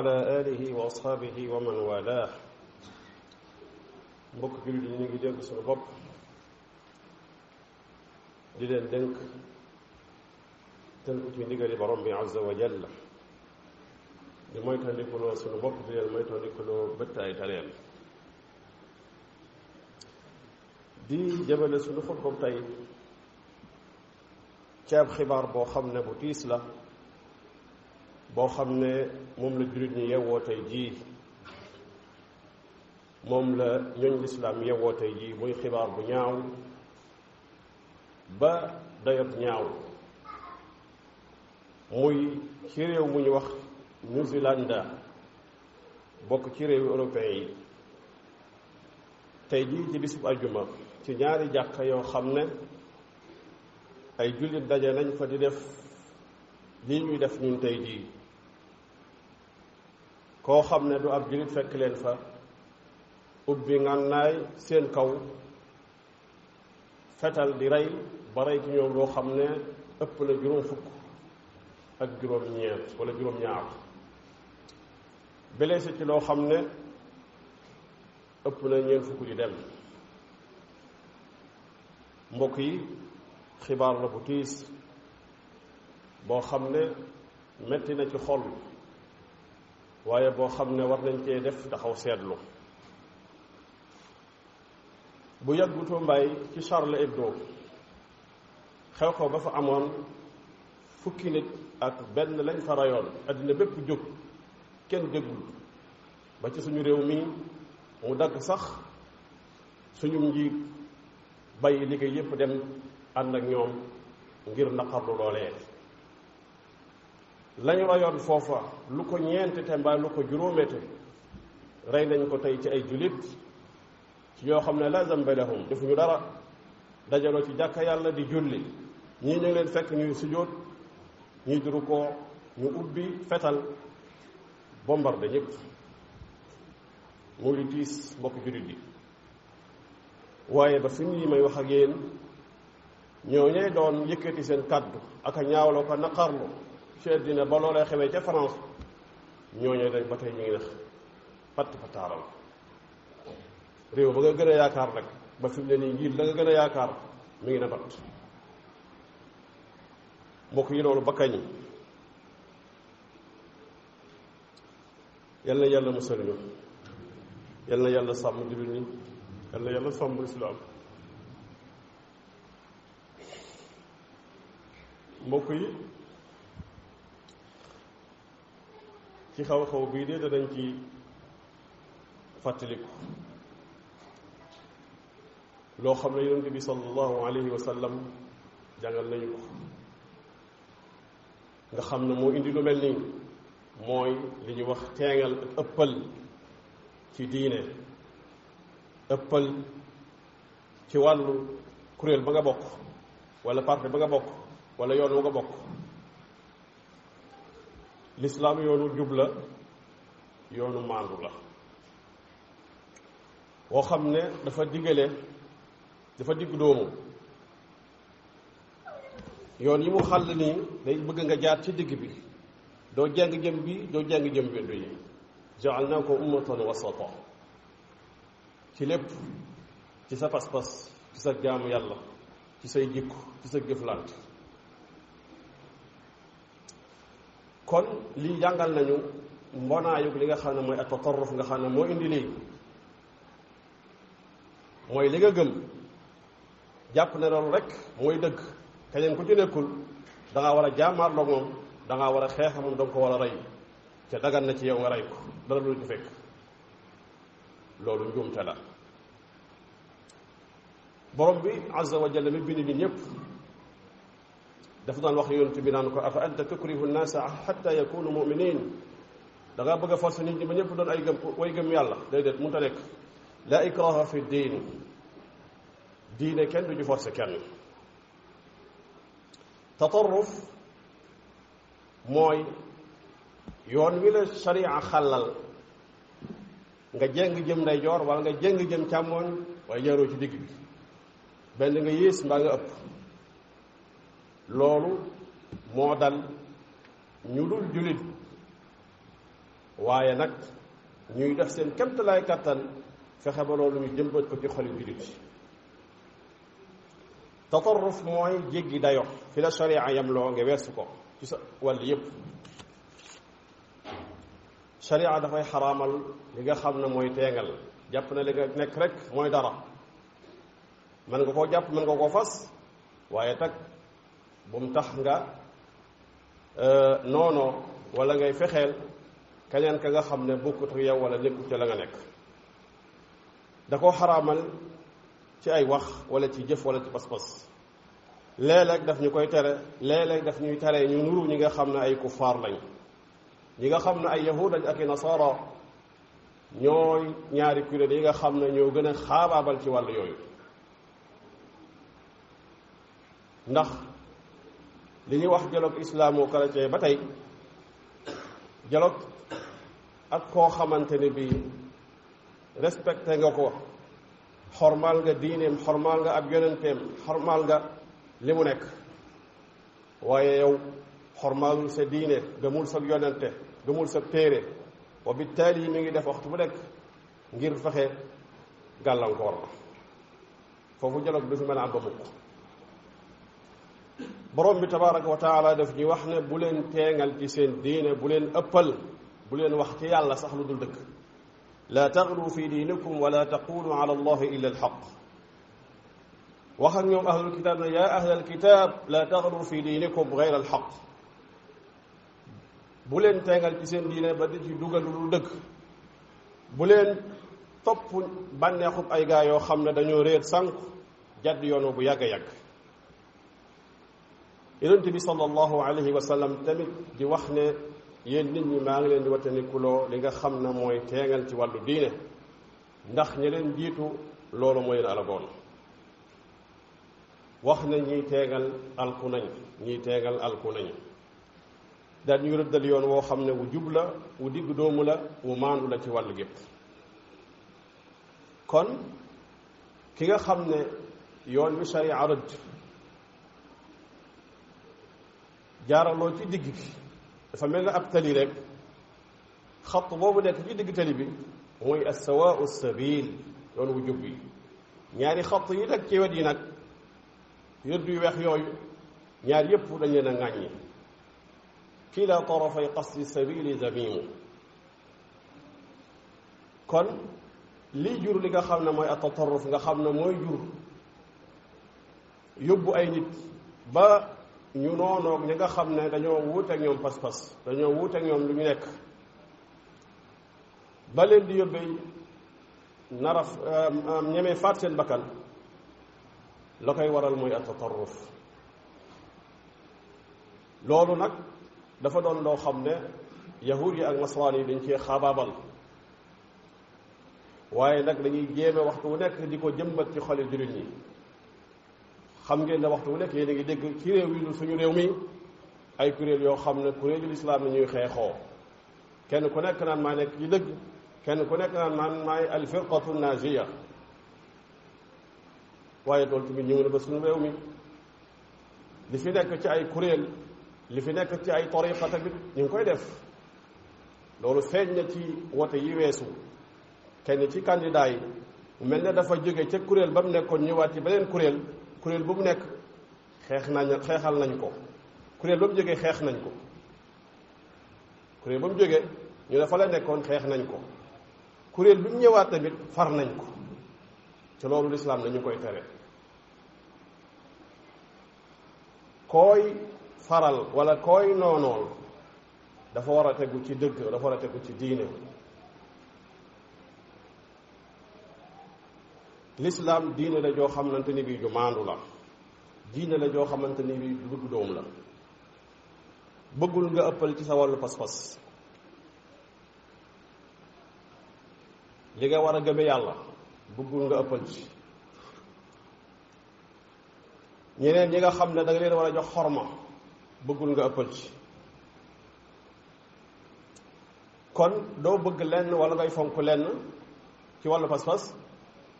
وعلى آله وأصحابه ومن والاه mbokk jullit yi ñu ngi dénk suñu bopp di leen dénk tënku ci ndigali borom bi azza wa jalla di moytandikuloo suñu bopp di leen moytandikuloo bëtt ay taneen di jëmale suñu xutbam tey ci ab xibaar boo xam ne bu tiis la boo xam ne moom la jullit ñi yewoo tey jii moom la ñooñ lislaam yewoo tey jii muy xibaar bu ñaaw ba dayob ñaaw muy ci réew mu ñu wax New Zealand bokk ci réewu européen yi tey jii ci bisub ajjuma ci ñaari jàkka yoo xam ne ay jullit daje nañ fa di def lii ñuy def ñun tey jii koo xam ne du ab jullit fekk leen fa ubbi naay seen kaw fetal di rey ba rey ci ñoom loo xam ne ëpp na juróom fukk ak juróom ñeent wala juróom ñaar blessé ci loo xam ne ëpp na ñeent fukk di dem mbokk yi xibaar la bu tiis boo xam ne metti na ci xol waaye boo xam ne war nañ cee def taxaw seetlu bu yàggutu mbay ci Charlie Hebdo xew xew ba fa amoon fukki nit ak benn lañ fa rayoon àddina bépp jóg kenn déggul ba ci suñu réew mi mu dagg sax suñu njiit bàyyi liggéey yépp dem ànd ak ñoom ngir naqarlu loolee lañu rayoon foofa lu ko ñeent te mbaa lu ko juróomete rey nañu ko tey ci ay julit ci yoo xam ne la zambe lahum defuñu dara dajaloo ci jàkka yàlla di julli ñii ñu ngi leen fekk ñuy sujjóot ñuy duru ko ñu ubbi fetal bombardé ñëpp mu ngi tiis mbokk julit yi waaye ba fi nii may wax ak yéen ñoo ñee doon yëkkati seen kàddu ak a ñaawloo ko naqarlu cher dina ba loolee xewee ca France ñooñu dañ ba tey ngi nax fatt fa réew ba nga gën a yaakaar nag ba fi mu ne nii njiit la gën a yaakaar mi ngi ne bat mbokk yi loolu ba kañ yal na yàlla musal yal na yàlla sàmm jullit ñi yal na yàlla sàmm islaam mbokk yi ci xaw-xaw bii de danañ ci fàttaliku loo xam ne yonent bi sallallahu alayhi wa sallam jàngal nañu ko nga xam na moo indi lu mel nii mooy li ñuy wax teengal ak ëppal ci diine ëppal ci wàllu kuréel ba nga bokk walla parti ba nga bokk wala yoon wa nga bokk lislaam yoonu jub la yoonu maandu la woo xam ne dafa diggale dafa digg doomu yoon yi mu xàll nii day bëgg nga jaar ci digg bi doo jàng jëm bi doo jàng jëm bindu yi jaal naa ko ummatan wasata ci lépp ci sa pas-pas ci sa jaamu yàlla ci say jikko ci sa jëflante kon lii jàngal nañu mbonaayug li nga xam ne mooy ak tatarruf nga xam ne moo indi lii mooy li nga gëm jàpp ne loolu rek mooy dëgg keneen ku ci nekkul da war a jaamaarloo moom da war a xeex moom da ko war a rey te dagan na ci yow nga rey ko dara lu ci fekk loolu njuumte la borom bi azza wa jalla mi bind ñi ñëpp dafa daan wax yonent bi naan ko afa anta tukrihu a xatta yakunu muminin da ngaa bëgg a ma nit ñëpp doon ay gëm way gëm yàlla déedéet mënut a nekk la ikraha fi diin diine kenn du ñu forcé kenn tatarruf mooy yoon wi la sharia xàllal nga jeng jëm ndeyjoor wala nga jeng jëm càmmooñ waaye jaaroo ci digg bi nga yées mbaa nga ëpp loolu moo dal ñu dul jullit waaye nag ñuy def seen kemtalaay kàttan fexe ba loolu ñu jëmbat ko ci xoli jullit mooy jéggi dayo fi la sharia yam loo nga weesu ko ci sa wàll yépp sharia dafay xaraamal li nga xam ne mooy teengal jàpp na li nga nekk rek mooy dara mën nga koo jàpp mën nga koo fas waaye tag bu mu tax nga euh, noonoo walla ngay fexeel keneen ka nga xam ne bokkut ak yow wala nekkut ca la nga nekk da koo xaraamal ci ay wax wala ci jëf wala ci pas-pas léeg-léeg daf ñu koy tere léeg-léeg daf ñuy tere ñu nuru ñi nga xam ne ay kuffaar lañ ñi nga xam ne ay yahud lañ ak i nasaara ñooy ñaari kuréel yi nga xam ne ñoo gën a xaabaabal ci wàllu yooyu ndax li ñuy wax dialogue islamo-chrétien ba tey dialogue ak koo xamante ne bii respecté nga ko xormaal nga diineem xormaal nga ab yonenteem xormaal nga li mu nekk waaye yow xormaalul sa diine demul sa yonente gëmul sa téere wa bittaali mi ngi def waxtu bu nekk ngir fexe gàllankoor la foofu dialogue du fi mën a am mukk borom bi tabaraka wa taala daf ñuy wax ne bu leen teengal ci seen diine bu leen ëppal bu leen wax ci yàlla sax lu dul dëkk laa taxlu fi diinikum wala taqulu ala allahi illa alxaq wax ak ñoom ahlul kitaab ne yaa ahlal kitaab laa taxlu fi diinikum gayra alxaq bu leen teengal ci seen diine ba di ci dugal lu dul dëkk bu leen topp bànneexub ay gaa yoo xam ne dañoo réer sànq jadd yoonu bu yàgg a yàgg yonent bi sallallahu alayhi wa sallam tamit di wax ne yéen nit ñi maa ngi leen di wattandikuloo li nga xam ne mooy teengal ci wàllu diine ndax ñi leen jiitu loolu mooy leen alagoon wax na ñiy teengal alku ñuy ñiy teengal alku nañ daal ñuy rëddal yoon woo xam ne wu jub la wu digg doomu la wu maandu la ci wàllu gépp kon ki nga xam ne yoon wi sharia rëdd jaaraloo ci digg bi dafa mel ne ab tali rek xatt boobu nekk ci digg tali bi mooy assawaau sabil yoon wu jub bi ñaari xatt yi ci wet yi nag yëdd yu weex yooyu ñaar yépp dañ leen a ŋàññi kila tarafay qasdi sabili zamimu kon li jur li nga xam ne mooy atatarruf nga xam ne mooy jur yóbbu ay nit ba ñu noonoog ñi nga xam ne dañoo wuute ak ñoom pas-pas dañoo wuute ak ñoom lu ñu nekk ba leen di yóbbee nara ñemee faat seen bakkan la koy waral mooy atatarruf loolu nag dafa doon loo xam ne yahuud yi ak nasaraan yi dañ ci xaabaabal waaye nag dañuy jéeme waxtu wu nekk di ko jëmbat ci xoli jullit yi xam ngeen ne waxtu bu nekk yéen a ngi dégg ci réew yi suñu réew mi ay kuréel yoo xam ne kuréelu lislaam la ñuy xeexoo kenn ku nekk naan maa nekk ci dëgg kenn ku nekk naan maan maay al firqatu naajiya waaye loolu tamit ñëw na ba suñu réew mi li nekk ci ay kuréel li fi nekk ci ay tariqa bi ñu ngi koy def loolu feeñ na ci wote yi weesu kenn ci candidat yi mel ne dafa jóge ca kuréel ba mu nekkoon ñëwaat ci beneen kuréel kuréel ba mu nekk xeex nañ xeexal nañ ko kuréel ba mu jógee xeex nañ ko kuréel ba mu jógee ñu ne fa la nekkoon xeex nañ ko kuréel bi mu ñëwaat tamit far nañ ko ci loolu lislaam koy tere kooy faral wala kooy noonool dafa war a tegu ci dëgg dafa war a tegu ci diine l'islam diine la joo xamante ni bii ju maandu la diine la joo xamante ni bii ju dugg doom la bëggul nga ëppal ci sa wàllu pas-pas li nga war a gëme yàlla bëggul nga ëppal ci ñeneen ñi nga xam ne danga nga leen war a jox xorma bëggul nga ëppal ci kon doo bëgg lenn wala ngay fonk lenn ci wàllu pas-pas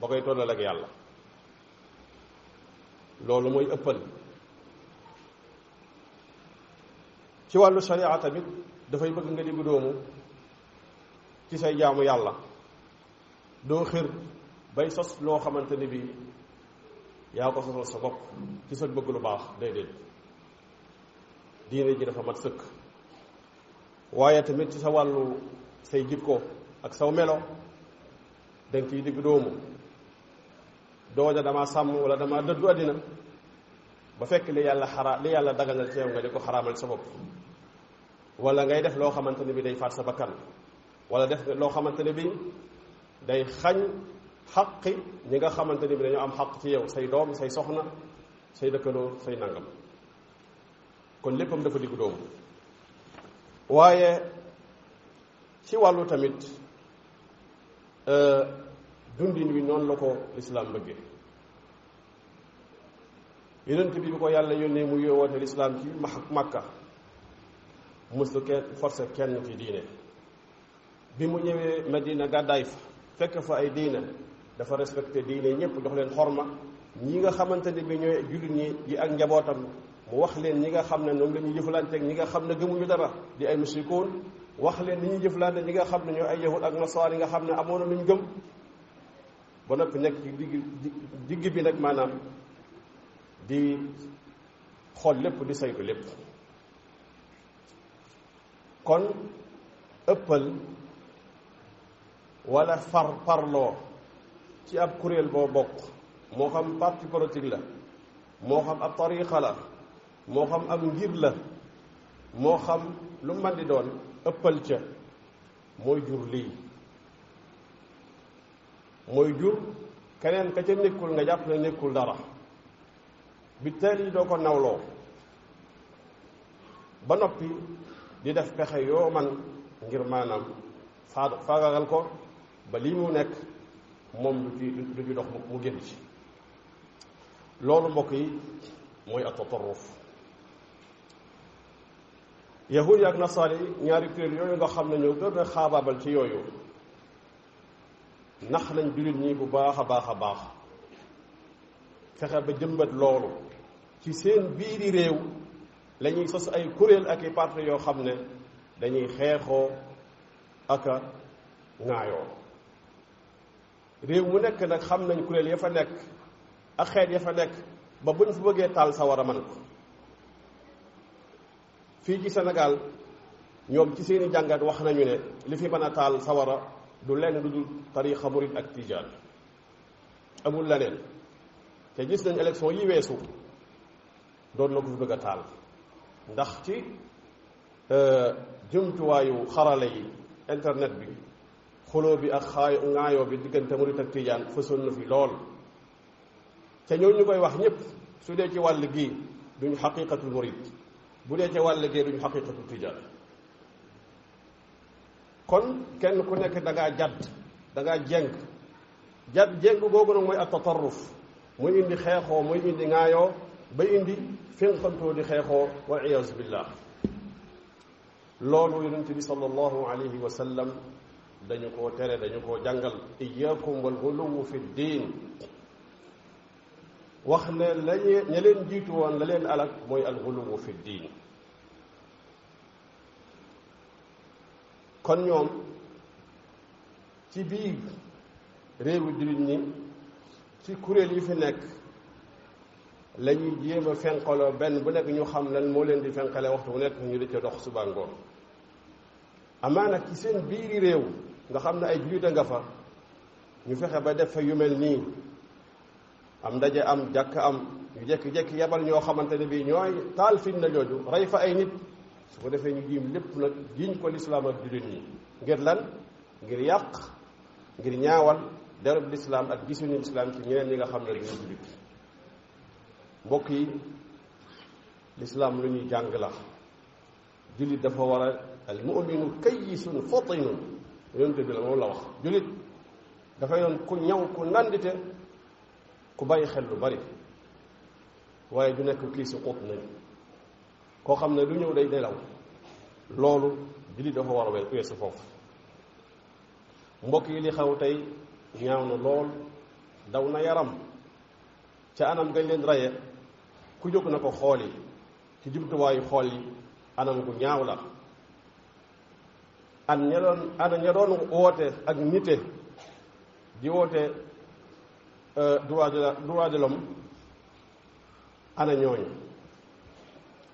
ba koy tollal ak yàlla loolu mooy ëppal ci wàllu sharia tamit dafay bëgg nga diggu doomu ci say jaamu yàlla doo xër bay sos loo xamante ni bii yaa ko sosal sa bopp ci sa bëgg lu baax déedéet diine ji dafa mat sëkk waaye tamit ci sa wàllu say jikko ak saw melo danga ciy digg doomu dooja dama sàmm wala dama dëddu àddina ba fekk li yàlla xaraa li yàlla daganal ci yow nga di ko xaraamal sa bopp wala ngay def loo xamante ne bi day faat sa bakkan wala def loo xamante ne bi day xañ xaqi ñi nga xamante ne bi dañoo am xaq ci yow say doom say soxna say dëkkandoo say nangam kon léppam dafa diggu doomu waaye ci wàllu tamit euh, dundin wi noonu la ko lislaam bëggee yonent bi bi ko yàlla yónnee mu yowoote lislaam ci makka mësul kenn forcé kenn ci diine bi mu ñëwee Medina gàddaay fa fekk fa ay diine dafa respecté diine ñëpp jox leen xor ma ñi nga xamante ne bi ñooy jullit ñi yi ak njabootam mu wax leen ñi nga xam ne ñoom la ñuy jëflanteeg ñi nga xam ne gëmuñu dara di ay musrikoon wax leen ni ñuy jëflante ñi nga xam ne ñoo ay yahud ak nasaar yi nga xam ne amoon na lu ñu gëm ba noppi nekk ci digg digg bi nag maanaam di xool lépp di saytu lépp kon ëppal wala far parloo ci ab kuréel boo bokk moo xam parti politique la moo xam ab tariqa la moo xam ab ngir la moo xam lu mën doon ëppal ca mooy jur lii mooy jur keneen ka ca nekkul nga jàpp ne nekkul dara bi teel yi doo ko nawloo ba noppi di def pexe yoo man ngir maanaam faa faagagal ko ba lii mu nekk moom du ci dox mu génn ci loolu mbokk yi mooy at tatarruf yahud yi ak nasaar yi ñaari kuréel yooyu nga xam nañu ñoo gën xaabaabal ci yooyu nax nañ jullit ñi bu baax a baax a baax fexe ba jëmbat loolu ci seen biiri réew lañuy ñuy sos ay kuréel ak i parti yoo xam ne dañuy xeexoo ak a ŋaayoo réew mu nekk nag xam nañ kuréel ya fa nekk ak xeet ya fa nekk ba buñ fa bëggee taal sawara man ko fii ci senegal ñoom ci seeni jàngat wax nañu ne li fi mën a taal sawara du lenn lu dul tarixa murid ak tijaan amul leneen te gis nañ élection yi weesu doon na ko bëgg a taal ndax ci euh, jumtuwaayu xarala yi internet bi xuloo bi ak xaay ŋaayoo bi diggante murid ak tijaan fësoon na fi lool te ñoo ñu koy wax ñëpp su dee ci wàll gii duñu xaqiqatul murid bu dee ci wàll gii duñu xaqiqatul tijaan kon kenn ku nekk da ngaa jadd da ngaa jéng jadd jéng googu nag mooy at tatarruf muy indi xeexoo muy indi ŋaayoo ba indi fénqantoo di xeexoo wa iyaasu billah loolu yonent bi sallallahu alayhi wa sallam dañu ko tere dañu koo jàngal iyaakum wal guluwu fi diin wax ne lañu ña leen jiitu woon la leen alak mooy al guluwu fi diin kon ñoom ci biir réew jullit ñi ci kuréel yi fi nekk la ñuy jéem a fenqaloo benn bu nekk ñu xam lan moo leen di fenqale waxtu bu nekk ñu di ca dox suba ngoon amaana ci seen biiri réew nga xam ne ay jullit a nga fa ñu fexe ba def fa yu mel nii am ndaje am jàkk am ñu jekki-jekki yabal ñoo xamante ne bii ñooy taal fitna jooju rey fa ay nit su ko defee ñu giim lépp nag giñ ko lislaam ak jullit ñi ngir lan ngir yàq ngir ñaawal derub lislaam ak gisuñu lislaam ci ñeneen ñi nga xam ne duñu jullit mbokk yi lislaam lu ñuy jàng la jullit dafa war a al muminu kayyisun fatinun yonente bi la moom la wax jullit dafay doon ku ñaw ku nandite ku bàyyi xel lu bari waaye du nekk kii si nañu koo xam ne du ñëw day nelaw loolu jullit dafa war a wel weesu foofu mbokk yi li xaw tey ñaaw na lool daw na yaram ca anam gañ leen raye ku jóg na ko xool yi ci jumtuwaayu xool yi anam gu ñaaw la an ña doon woote ak nite di woote euh, droit de droit de l'homme ana ñooñu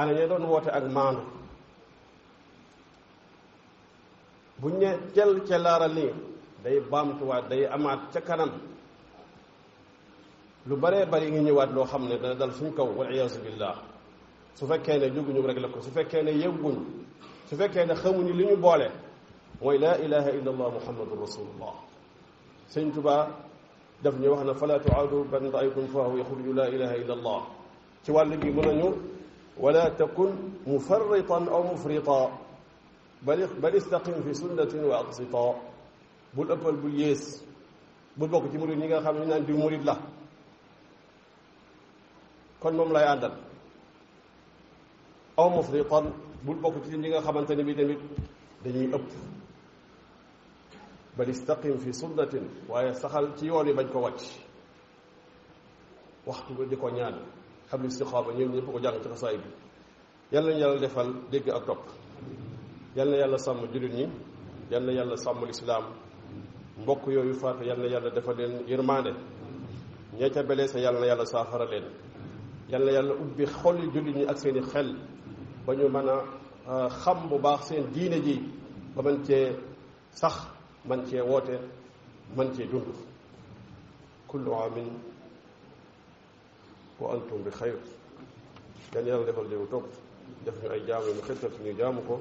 ana ña doon woote ak maandu buñ ne cel celaaral nii day baamtuwaat day amaat ca kanam lu bare bari ngi ñëwaat loo xam ne dana dal suñ kow wal iyaasu billah su fekkee ne jóguñu rek la ko su fekkee ne yëgguñ su fekkee ne xamuñu li ñu boole mooy laa ilaha illa allah muhammadu rasulullah sëñ tubaa daf ñu wax na fala tuaadu ban raykum fahu yaxruju laa ilaha illa allah ci wàllu ولا تكن مفرطا أو مفرطا بل بل استقم في سنة bul ëppal bul yées bul bokk ci murid ñi nga xam ne naan diw murid la kon moom lay àndal aw mufritan bul bokk ci ñi nga xamante ne bi tamit dañuy ëpp bal istaqim fi sunnatin waaye saxal ci yoon yi bañ ko wàcc waxtu bi di ko xam istixaaba ñoom ñëpp ko jàng ci xasaay bi yal na yàlla defal dégg ak topp yal na yàlla sàmm jullit ñi yal yàlla sàmm lislaam mbokk yooyu faatu yal na yàlla defal leen yërmaande ñee ca belee sa yal na yàlla saafara leen yal na yàlla ubbi xoli jullit ñi ak seeni xel ba ñu mën a xam bu baax seen diine ji ba mën cee sax man cee woote man cee dund kullu aamin wa antum bi xayr kenn yàlla defal jëgu topp def ñu ay jaam yu xettat ñu jaamu ko